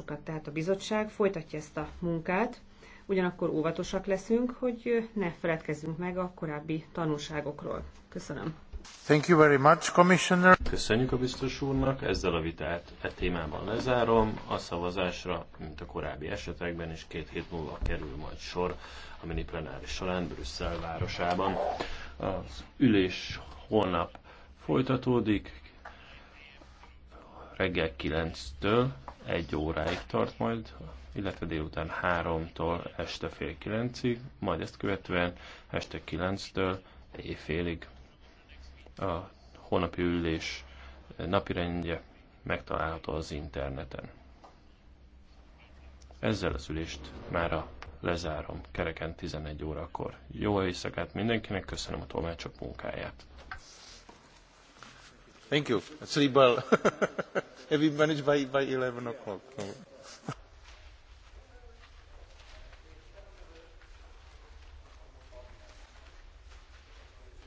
sokat tehát a bizottság folytatja ezt a munkát, ugyanakkor óvatosak leszünk, hogy ne feledkezzünk meg a korábbi tanulságokról. Köszönöm. Thank you very much, Commissioner. Köszönjük a biztos úrnak, ezzel a vitát e témában lezárom. A szavazásra, mint a korábbi esetekben is két hét múlva kerül majd sor a mini plenáris során Brüsszel városában. Az ülés holnap folytatódik, reggel 9-től 1 óráig tart majd, illetve délután 3-tól este fél 9-ig, majd ezt követően este 9-től éjfélig. A hónapi ülés napirendje megtalálható az interneten. Ezzel az ülést a lezárom kereken 11 órakor. Jó éjszakát mindenkinek, köszönöm a tolmácsok munkáját thank you. Sleep well. Have you managed by, by 11 o'clock? No.